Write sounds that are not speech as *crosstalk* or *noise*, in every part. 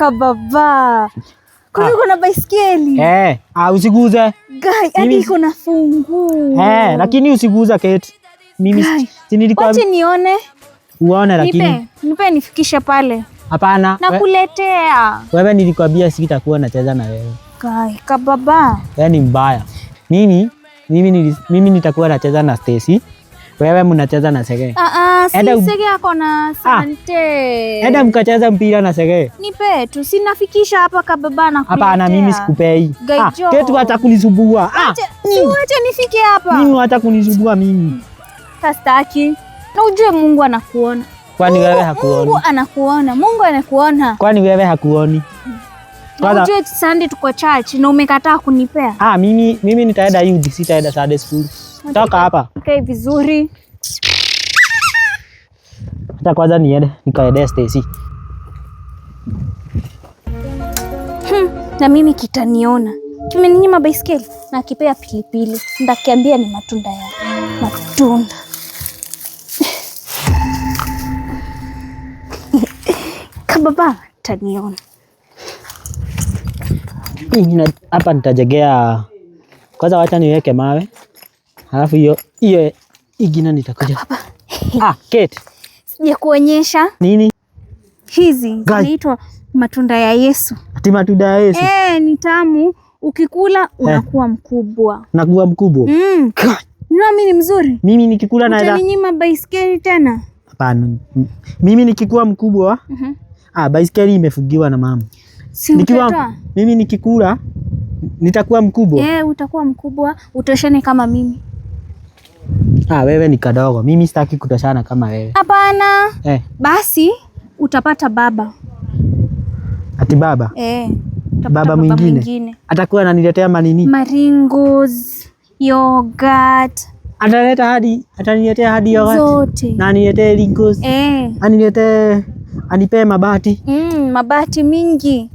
Toka baba. Kuna ah. kuna baiskeli. Eh, ah, usiguze. Guy, hadi kuna fungu. Eh, lakini usiguze Kate. Mimi si nilikuwa Wacha nione. Uone lakini. Nipe, nipe nifikishe pale. Hapana. Nakuletea. Wewe nilikwambia sitakuwa nacheza na wewe. Guy, kababa. Yaani mbaya. Mimi mimi nitakuwa nacheza na Stacy. Wewe mnacheza na Sege? Ah, ah, si Sege ako na ah, Sante. Eda mkacheza mpira na Sege? Nipe tu, sinafikisha hapa kababa na kuletea. Hapana, mimi sikupei. Ah, ketu hata kunisumbua. Ah, si wache nifike hapa. Mimi hata kunisumbua mimi. Sastaki. Na ujue Mungu anakuona. Kwani wewe hakuoni? Mungu anakuona. Mungu anakuona. Kwani wewe hakuoni? Na ujue Sunday tuko church na umekataa kunipea. Ah, mimi mimi nitaenda UD, sitaenda Sunday school. Toka hapa. Okay, vizuri. Hata kwanza niende nikaende Stacy. Hmm, na mimi kitaniona kimeninyima baiskeli na kipea pilipili, ndakiambia ni matunda ya matunda *laughs* kababa taniona hapa nitajegea kwanza, wacha niweke mawe Halafu hiyo hiyo igina nitakuja. *laughs* Ah, Kate. Sije kuonyesha. Nini? Hizi zinaitwa matunda ya Yesu. Ati matunda ya Yesu. Eh, ni tamu. Ukikula eh. unakuwa mkubwa. Nakuwa mkubwa. Mm. mimi ni mzuri. Mimi nikikula na utaninyima baiskeli tena? Hapana. Mimi nikikuwa mkubwa. Uh mhm. -huh. Ah, baiskeli imefugiwa na mama. Si nikiwa, mimi nikikula nitakuwa mkubwa. Eh, utakuwa mkubwa, utoshane kama mimi. Ah, wewe ni kadogo, mimi sitaki kutoshana kama wewe. Hapana eh. Basi utapata baba ati baba eh. Baba mwingine atakuwa ananiletea manini, maringos, yogurt ataleta hadi ataniletea hadi yogurt zote, na aniletee ringos eh, aniletee anipee mabati mm, mabati mingi.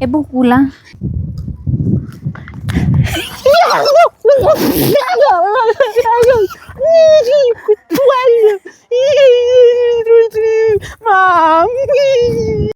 Hebu kula *laughs* rico,